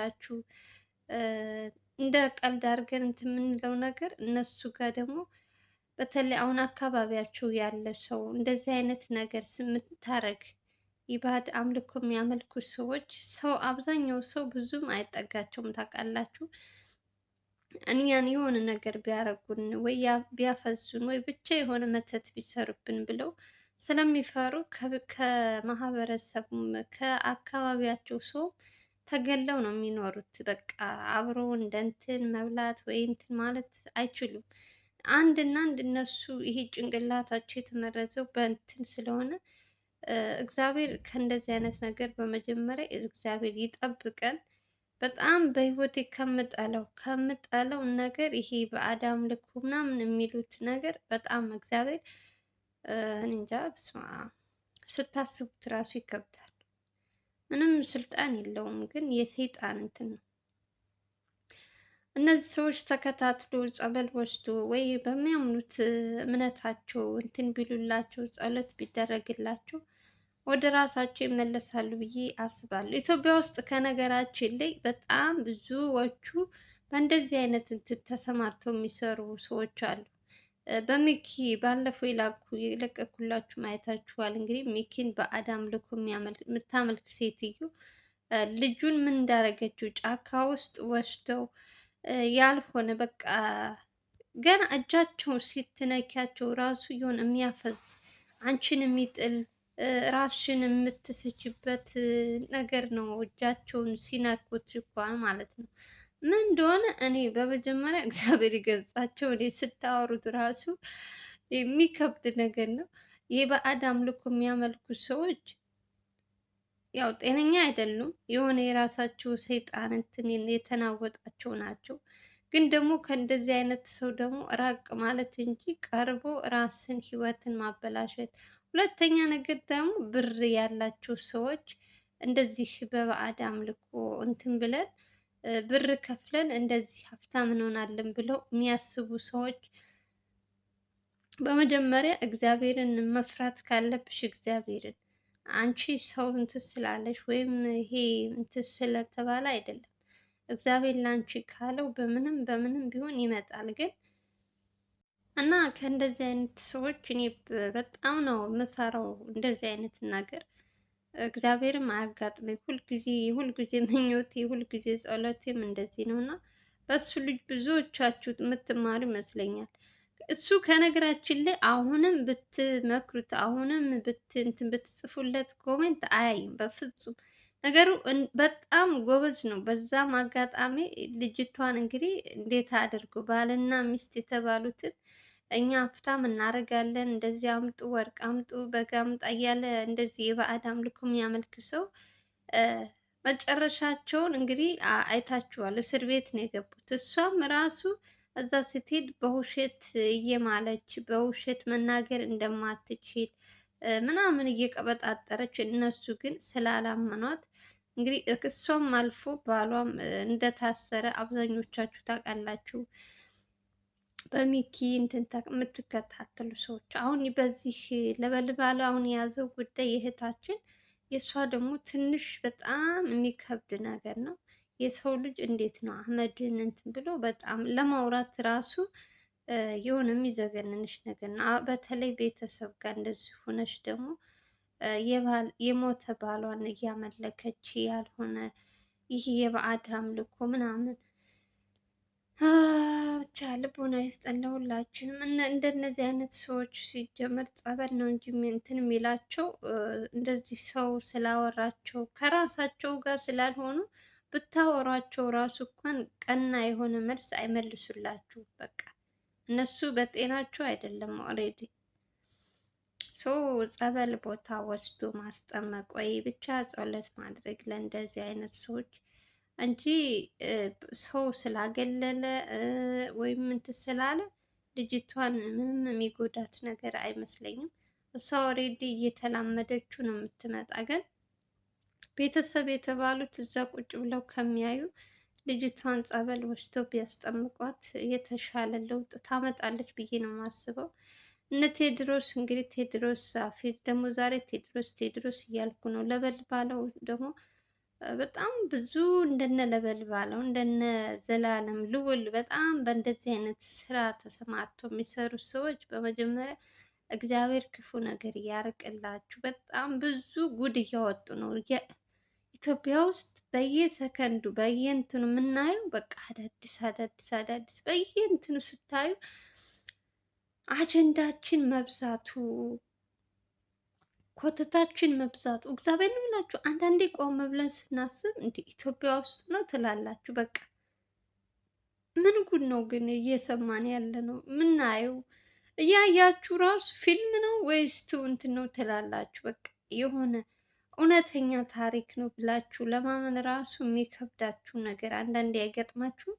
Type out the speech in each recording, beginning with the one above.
ያላችሁ እንደ ቀልድ አድርገን የምንለው ነገር እነሱ ጋር ደግሞ በተለይ አሁን አካባቢያቸው ያለ ሰው እንደዚህ አይነት ነገር ስምታረግ ኢባድ አምልኮ የሚያመልኩ ሰዎች ሰው አብዛኛው ሰው ብዙም አይጠጋቸውም። ታውቃላችሁ እኛን የሆነ ነገር ቢያረጉን ወይ ቢያፈዙን ወይ ብቻ የሆነ መተት ቢሰሩብን ብለው ስለሚፈሩ ከማህበረሰቡም ከአካባቢያቸው ሰው ተገለው ነው የሚኖሩት። በቃ አብሮ እንደ እንትን መብላት ወይ እንትን ማለት አይችሉም። አንድ እና አንድ እነሱ ይሄ ጭንቅላታቸው የተመረዘው በእንትን ስለሆነ እግዚአብሔር ከእንደዚህ አይነት ነገር በመጀመሪያ እግዚአብሔር ይጠብቀን። በጣም በህይወቴ ከምጠለው ከምጠለው ነገር ይሄ በአዳም ልኩ ምናምን የሚሉት ነገር በጣም እግዚአብሔር እንጃ ስታስቡት ራሱ ይከብዳል። ምንም ስልጣን የለውም፣ ግን የሰይጣን እንትን ነው። እነዚህ ሰዎች ተከታትሎ ጸበል ወስዶ ወይ በሚያምኑት እምነታቸው እንትን ቢሉላቸው ጸሎት ቢደረግላቸው ወደ ራሳቸው ይመለሳሉ ብዬ አስባለሁ። ኢትዮጵያ ውስጥ ከነገራችን ላይ በጣም ብዙዎቹ በእንደዚህ አይነት እንትን ተሰማርተው የሚሰሩ ሰዎች አሉ። በሚኪ ባለፈው የላኩ የለቀኩላችሁ ማየታችኋል። እንግዲህ ሚኪን በአዳም ልኮ የምታመልክ ሴትዮ ልጁን ምን እንዳደረገችው ጫካ ውስጥ ወስደው ያልሆነ በቃ ገና እጃቸው ሲትነኪያቸው ራሱ የሆነ የሚያፈዝ አንቺን የሚጥል ራስሽን የምትስችበት ነገር ነው። እጃቸውን ሲነኩት እንኳን ማለት ነው። ምን እንደሆነ እኔ በመጀመሪያ እግዚአብሔር ይገልጻቸው። እኔ ስታወሩት ራሱ የሚከብድ ነገር ነው። የባዕድ አምልኮ የሚያመልኩ ሰዎች ያው ጤነኛ አይደሉም። የሆነ የራሳቸው ሰይጣን እንትን የተናወጣቸው ናቸው። ግን ደግሞ ከእንደዚህ አይነት ሰው ደግሞ ራቅ ማለት እንጂ ቀርቦ ራስን ህይወትን ማበላሸት። ሁለተኛ ነገር ደግሞ ብር ያላቸው ሰዎች እንደዚህ በባዕድ አምልኮ እንትን ብለን ብር ከፍለን እንደዚህ ሀብታም እንሆናለን ብለው የሚያስቡ ሰዎች በመጀመሪያ እግዚአብሔርን መፍራት ካለብሽ እግዚአብሔርን አንቺ ሰው እንትን ስላለሽ ወይም ይሄ እንትን ስለተባለ አይደለም። እግዚአብሔር ላንቺ ካለው በምንም በምንም ቢሆን ይመጣል። ግን እና ከእንደዚህ አይነት ሰዎች እኔ በጣም ነው የምፈራው እንደዚህ አይነት ነገር እግዚአብሔርም አያጋጥመኝ። ሁልጊዜ የሁልጊዜ ምኞቴ ሁልጊዜ ጸሎቴም እንደዚህ ነው እና በሱ ልጅ ብዙዎቻችሁ የምትማሩ ይመስለኛል። እሱ ከነገራችን ላይ አሁንም ብትመክሩት አሁንም ብትንትን ብትጽፉለት ኮሜንት አያይም በፍጹም። ነገሩ በጣም ጎበዝ ነው። በዛም አጋጣሚ ልጅቷን እንግዲህ እንዴት አድርጎ ባልና ሚስት የተባሉትን እኛ ሀብታም እናደርጋለን፣ እንደዚህ አምጡ፣ ወርቅ አምጡ፣ በግ አምጡ እያለ እንደዚህ የባዕድ አምልኮ የሚያመልክ ሰው መጨረሻቸውን እንግዲህ አይታችኋል። እስር ቤት ነው የገቡት። እሷም ራሱ እዛ ስትሄድ በውሸት እየማለች በውሸት መናገር እንደማትችል ምናምን እየቀበጣጠረች፣ እነሱ ግን ስላላመኗት እንግዲህ እሷም አልፎ ባሏም እንደታሰረ አብዛኞቻችሁ ታውቃላችሁ። በሚኪ እንትን የምትከታተሉ ሰዎች አሁን በዚህ ለበልባሉ አሁን የያዘው ጉዳይ የእህታችን የእሷ ደግሞ ትንሽ በጣም የሚከብድ ነገር ነው። የሰው ልጅ እንዴት ነው አህመድን እንትን ብሎ በጣም ለማውራት ራሱ የሆነ የሚዘገንንሽ ነገር ነው። በተለይ ቤተሰብ ጋር እንደዚህ ሆነሽ ደግሞ የሞተ ባሏን እያመለከች ያልሆነ ይህ የባዕድ አምልኮ ምናምን ብቻ ልቦና ይስጠን ለሁላችንም። እንደነዚህ አይነት ሰዎች ሲጀመር ጸበል ነው እንጂ እንትን የሚላቸው እንደዚህ ሰው ስላወራቸው ከራሳቸው ጋር ስላልሆኑ ብታወሯቸው ራሱ እንኳን ቀና የሆነ መልስ አይመልሱላችሁ። በቃ እነሱ በጤናቸው አይደለም ኦልሬዲ ሰው ጸበል ቦታ ወስዶ ማስጠመቅ ወይ ብቻ ጸሎት ማድረግ ለእንደዚህ አይነት ሰዎች እንጂ ሰው ስላገለለ ወይም እንትን ስላለ ልጅቷን ምንም የሚጎዳት ነገር አይመስለኝም። እሷ ኦልሬዲ እየተላመደችው ነው የምትመጣ። ግን ቤተሰብ የተባሉት እዛ ቁጭ ብለው ከሚያዩ ልጅቷን ጸበል ወስዶ ቢያስጠምቋት የተሻለ ለውጥ ታመጣለች ብዬ ነው የማስበው። እነ ቴድሮስ እንግዲህ ቴድሮስ ዛፌ ደግሞ ዛሬ ቴድሮስ ቴድሮስ እያልኩ ነው ለበል ባለው ደግሞ በጣም ብዙ እንደነ ለበልባለው እንደነ ዘላለም ልዑል በጣም በእንደዚህ አይነት ስራ ተሰማርቶ የሚሰሩ ሰዎች በመጀመሪያ እግዚአብሔር ክፉ ነገር ያርቅላችሁ። በጣም ብዙ ጉድ እያወጡ ነው። ኢትዮጵያ ውስጥ በየሰከንዱ በየእንትኑ የምናየው በቃ አዳዲስ አዳዲስ አዳዲስ በየእንትኑ ስታዩ አጀንዳችን መብዛቱ ኮተታችን መብዛቱ እግዚአብሔር እንምላችሁ። አንዳንዴ ቆም ብለን ስናስብ እንደ ኢትዮጵያ ውስጥ ነው ትላላችሁ። በቃ ምን ጉድ ነው ግን እየሰማን ያለ ነው ምናየው። እያያችሁ ራሱ ፊልም ነው ወይስ ትውንት ነው ትላላችሁ። በቃ የሆነ እውነተኛ ታሪክ ነው ብላችሁ ለማመን ራሱ የሚከብዳችሁ ነገር አንዳንዴ አይገጥማችሁም?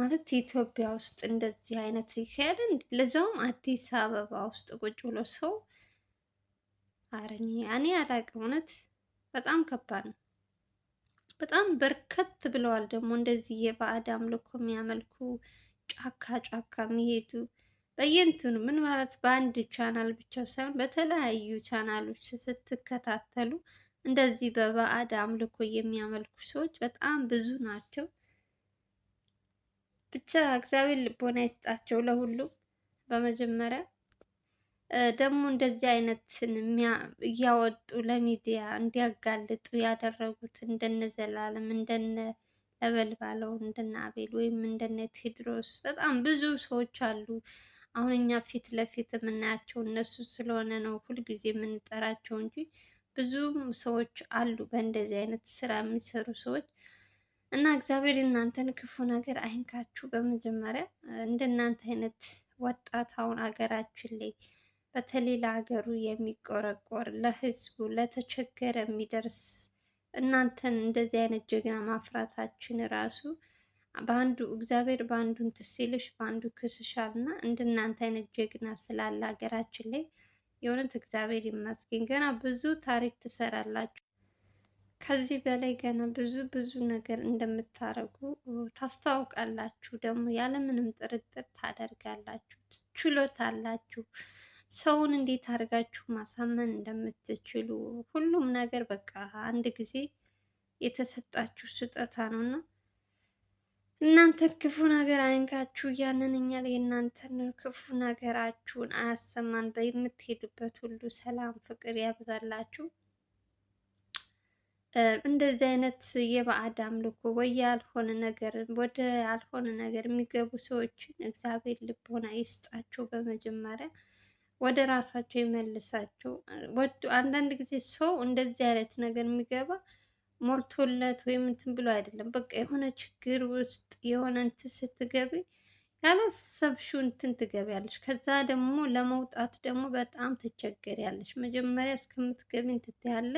ማለት ኢትዮጵያ ውስጥ እንደዚህ አይነት ይካሄዳል? ለዛውም አዲስ አበባ ውስጥ ቁጭ ብሎ ሰው ኧረ እኔ አላውቅም እውነት በጣም ከባድ ነው። በጣም በርከት ብለዋል ደግሞ እንደዚህ የባዕድ አምልኮ የሚያመልኩ ጫካ ጫካ የሚሄዱ በየእንትኑ ምን ማለት በአንድ ቻናል ብቻ ሳይሆን በተለያዩ ቻናሎች ስትከታተሉ እንደዚህ በባዕድ አምልኮ የሚያመልኩ ሰዎች በጣም ብዙ ናቸው። ብቻ እግዚአብሔር ልቦና ይስጣቸው ለሁሉም በመጀመሪያ ደግሞ እንደዚህ አይነትን እያወጡ ለሚዲያ እንዲያጋልጡ ያደረጉት እንደነ ዘላለም እንደነ ለበልባለው እንደነ አቤል ወይም እንደነ ቴድሮስ በጣም ብዙ ሰዎች አሉ። አሁን እኛ ፊት ለፊት የምናያቸው እነሱ ስለሆነ ነው ሁልጊዜ የምንጠራቸው እንጂ ብዙም ሰዎች አሉ በእንደዚህ አይነት ስራ የሚሰሩ ሰዎች እና እግዚአብሔር እናንተን ክፉ ነገር አይንካችሁ። በመጀመሪያ እንደናንተ አይነት ወጣት አሁን አገራችን ላይ በተለይ ለሀገሩ የሚቆረቆር ለህዝቡ ለተቸገረ የሚደርስ እናንተን እንደዚህ አይነት ጀግና ማፍራታችን ራሱ በአንዱ እግዚአብሔር በአንዱ እንትን ሲልሽ በአንዱ ክስሻል እና እንደናንተ አይነት ጀግና ስላለ ሀገራችን ላይ የእውነት እግዚአብሔር ይመስገን። ገና ብዙ ታሪክ ትሰራላችሁ። ከዚህ በላይ ገና ብዙ ብዙ ነገር እንደምታደርጉ ታስታውቃላችሁ። ደግሞ ያለምንም ጥርጥር ታደርጋላችሁ። ችሎታ አላችሁ። ሰውን እንዴት አድርጋችሁ ማሳመን እንደምትችሉ ሁሉም ነገር በቃ አንድ ጊዜ የተሰጣችሁ ስጦታ ነው እና እናንተን ክፉ ነገር አይንካችሁ እያንን እኛ የእናንተን ክፉ ነገራችሁን አያሰማን። በምትሄዱበት ሁሉ ሰላም ፍቅር ያብዛላችሁ። እንደዚህ አይነት የባዕድ አምልኮ ወይ ያልሆነ ነገር ወደ ያልሆነ ነገር የሚገቡ ሰዎችን እግዚአብሔር ልቦና ይስጣቸው በመጀመሪያ ወደ ራሳቸው የመልሳቸው። አንዳንድ ጊዜ ሰው እንደዚህ አይነት ነገር የሚገባ ሞልቶለት ወይም እንትን ብሎ አይደለም። በቃ የሆነ ችግር ውስጥ የሆነ እንትን ስትገቢ ያላሰብሽው እንትን ትገቢያለሽ። ከዛ ደግሞ ለመውጣት ደግሞ በጣም ትቸገሪያለሽ። መጀመሪያ እስከምትገቢ እንትን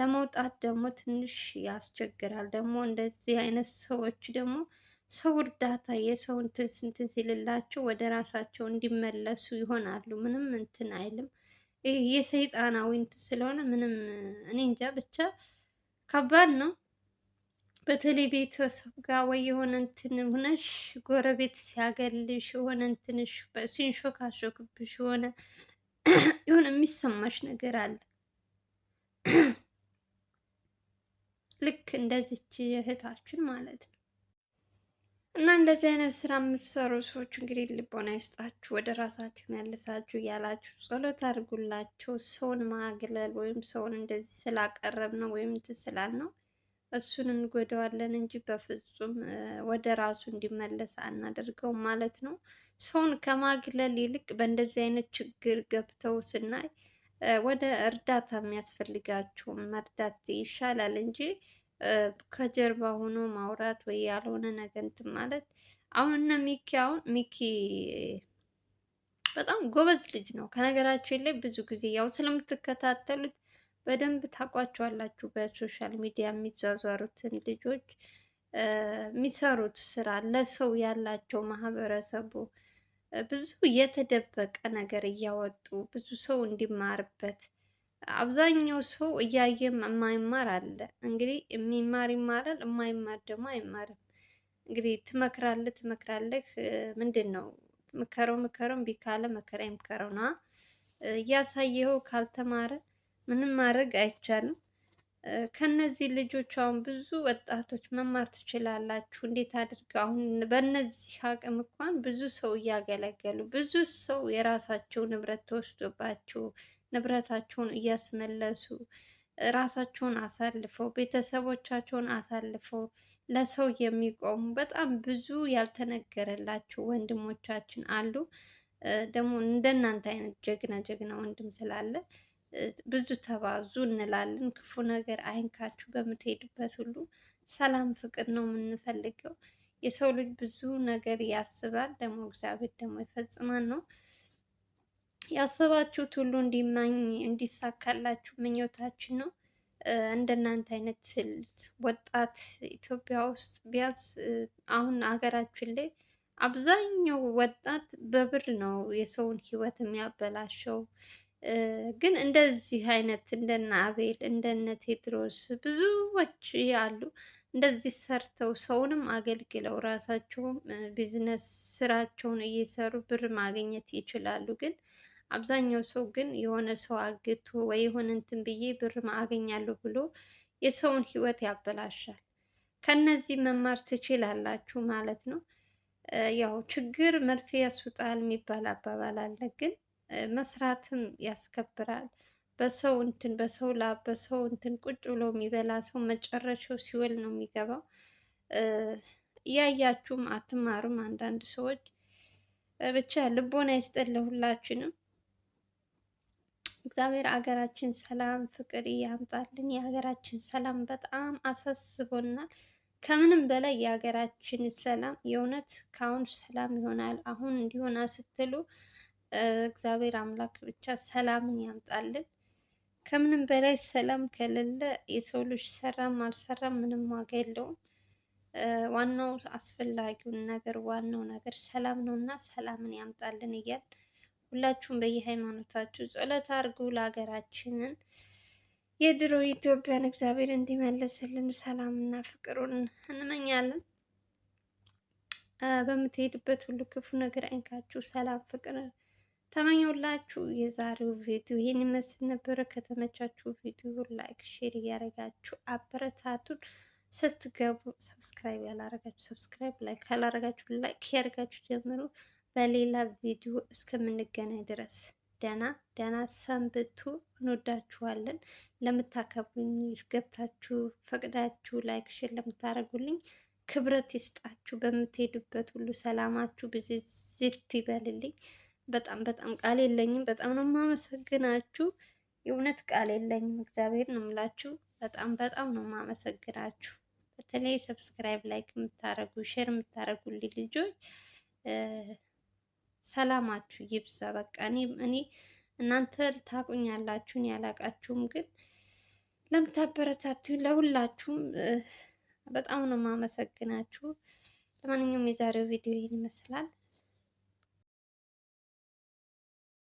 ለመውጣት ደግሞ ትንሽ ያስቸግራል። ደግሞ እንደዚህ አይነት ሰዎች ደግሞ ሰው እርዳታ የሰው እንትን ስንትን ሲልላቸው ወደ ራሳቸው እንዲመለሱ ይሆናሉ። ምንም እንትን አይልም። የሰይጣናዊ እንትን ስለሆነ ምንም እኔ እንጃ ብቻ ከባድ ነው። በተለይ ቤተሰብ ጋር ወይ የሆነ እንትን ሁነሽ ጎረቤት ሲያገልሽ የሆነ እንትንሽ ሲንሾካሾክብሽ የሆነ የሆነ የሚሰማሽ ነገር አለ። ልክ እንደዚች እህታችን ማለት ነው። እና እንደዚህ አይነት ስራ የምትሰሩ ሰዎች እንግዲህ ልቦና ይስጣችሁ፣ ወደ ራሳችሁ መልሳችሁ እያላችሁ ጸሎት አድርጉላቸው። ሰውን ማግለል ወይም ሰውን እንደዚህ ስላቀረብ ነው ወይም ስላል ነው እሱን እንጎዳዋለን እንጂ በፍጹም ወደ ራሱ እንዲመለስ አናደርገውም ማለት ነው። ሰውን ከማግለል ይልቅ በእንደዚህ አይነት ችግር ገብተው ስናይ ወደ እርዳታ የሚያስፈልጋቸውን መርዳት ይሻላል እንጂ ከጀርባ ሆኖ ማውራት ወይ ያልሆነ ነገር እንትን ማለት አሁን እነ ሚኪ አሁን ሚኪ በጣም ጎበዝ ልጅ ነው። ከነገራችን ላይ ብዙ ጊዜ ያው ስለምትከታተሉት በደንብ ታውቋቸዋላችሁ። በሶሻል ሚዲያ የሚዟዟሩትን ልጆች የሚሰሩት ስራ ለሰው ያላቸው ማህበረሰቡ ብዙ የተደበቀ ነገር እያወጡ ብዙ ሰው እንዲማርበት አብዛኛው ሰው እያየም የማይማር አለ። እንግዲህ የሚማር ይማራል፣ የማይማር ደግሞ አይማርም። እንግዲህ ትመክራለህ ትመክራለህ ምንድን ነው ምከረው ምከረው እምቢ ካለ መከራ ይምከረው ነዋ። እያሳየኸው ካልተማረ ምንም ማድረግ አይቻልም። ከነዚህ ልጆች አሁን ብዙ ወጣቶች መማር ትችላላችሁ። እንዴት አድርገው አሁን በእነዚህ አቅም እንኳን ብዙ ሰው እያገለገሉ ብዙ ሰው የራሳቸው ንብረት ተወስዶባቸው ንብረታቸውን እያስመለሱ ራሳቸውን አሳልፈው ቤተሰቦቻቸውን አሳልፈው ለሰው የሚቆሙ በጣም ብዙ ያልተነገረላቸው ወንድሞቻችን አሉ። ደግሞ እንደናንተ አይነት ጀግና ጀግና ወንድም ስላለ ብዙ ተባዙ እንላለን። ክፉ ነገር አይንካችሁ። በምትሄዱበት ሁሉ ሰላም፣ ፍቅር ነው የምንፈልገው። የሰው ልጅ ብዙ ነገር ያስባል። ደግሞ እግዚአብሔር ደግሞ ይፈጽማል ነው ያሰባችሁት ሁሉ እንዲማኝ እንዲሳካላችሁ ምኞታችን ነው። እንደናንተ አይነት ወጣት ኢትዮጵያ ውስጥ ቢያንስ አሁን ሀገራችን ላይ አብዛኛው ወጣት በብር ነው የሰውን ህይወት የሚያበላሸው። ግን እንደዚህ አይነት እንደነ አቤል እንደነ ቴድሮስ ብዙዎች አሉ። እንደዚህ ሰርተው ሰውንም አገልግለው ራሳቸውም ቢዝነስ ስራቸውን እየሰሩ ብር ማግኘት ይችላሉ ግን አብዛኛው ሰው ግን የሆነ ሰው አግቶ ወይ የሆነ እንትን ብዬ ብር ማገኛለሁ ብሎ የሰውን ህይወት ያበላሻል። ከነዚህ መማር ትችላላችሁ ማለት ነው። ያው ችግር መርፌ ያስወጣል የሚባል አባባል አለ። ግን መስራትም ያስከብራል። በሰው እንትን በሰው ላብ በሰው እንትን ቁጭ ብሎ የሚበላ ሰው መጨረሻው ሲወል ነው የሚገባው። እያያችሁም አትማሩም አንዳንድ ሰዎች ብቻ ልቦና ይስጠን ለሁላችንም። እግዚአብሔር አገራችን ሰላም ፍቅር ያምጣልን። የሀገራችን ሰላም በጣም አሳስቦናል። ከምንም በላይ የሀገራችን ሰላም የእውነት ከአሁን ሰላም ይሆናል አሁን እንዲሆና ስትሉ እግዚአብሔር አምላክ ብቻ ሰላምን ያምጣልን። ከምንም በላይ ሰላም ከሌለ የሰው ልጅ ሰራም አልሰራም ምንም ዋጋ የለውም። ዋናው አስፈላጊውን ነገር ዋናው ነገር ሰላም ነው እና ሰላምን ያምጣልን እያልን ሁላችሁም በየሃይማኖታችሁ ጸሎት አድርጉ። ለሀገራችንን የድሮ ኢትዮጵያን እግዚአብሔር እንዲመልስልን ሰላምና ፍቅሩን እንመኛለን። በምትሄድበት ሁሉ ክፉ ነገር አይንካችሁ፣ ሰላም ፍቅር ተመኘውላችሁ። የዛሬው ቪዲዮ ይህን ይመስል ነበረ። ከተመቻችሁ ቪዲዮ ላይክ፣ ሼር እያደረጋችሁ አበረታቱን። ስትገቡ ሰብስክራይብ ያላረጋችሁ ሰብስክራይብ፣ ላይክ ያላረጋችሁ ላይክ ያደርጋችሁ ጀምሩ። በሌላ ቪዲዮ እስከምንገናኝ ድረስ ደህና ደህና ሰንብቱ። እንወዳችኋለን። ለምታከብሩኝ ገብታችሁ ፈቅዳችሁ ላይክ ሽር ለምታደርጉልኝ ክብረት ይስጣችሁ። በምትሄዱበት ሁሉ ሰላማችሁ ብዙ ዝት ይበልልኝ። በጣም በጣም ቃል የለኝም። በጣም ነው የማመሰግናችሁ። የእውነት ቃል የለኝም። እግዚአብሔር ነው የምላችሁ። በጣም በጣም ነው የማመሰግናችሁ። በተለይ ሰብስክራይብ ላይክ የምታደርጉ ሼር የምታደርጉልኝ ልጆች ሰላማችሁ ይብዛ። በቃ እኔ እኔ እናንተ እኔ ያላቃችሁም ግን ለምታበረታቱኝ ለሁላችሁም በጣም ነው የማመሰግናችሁ። ለማንኛውም የዛሬው ቪዲዮ ይህን ይመስላል።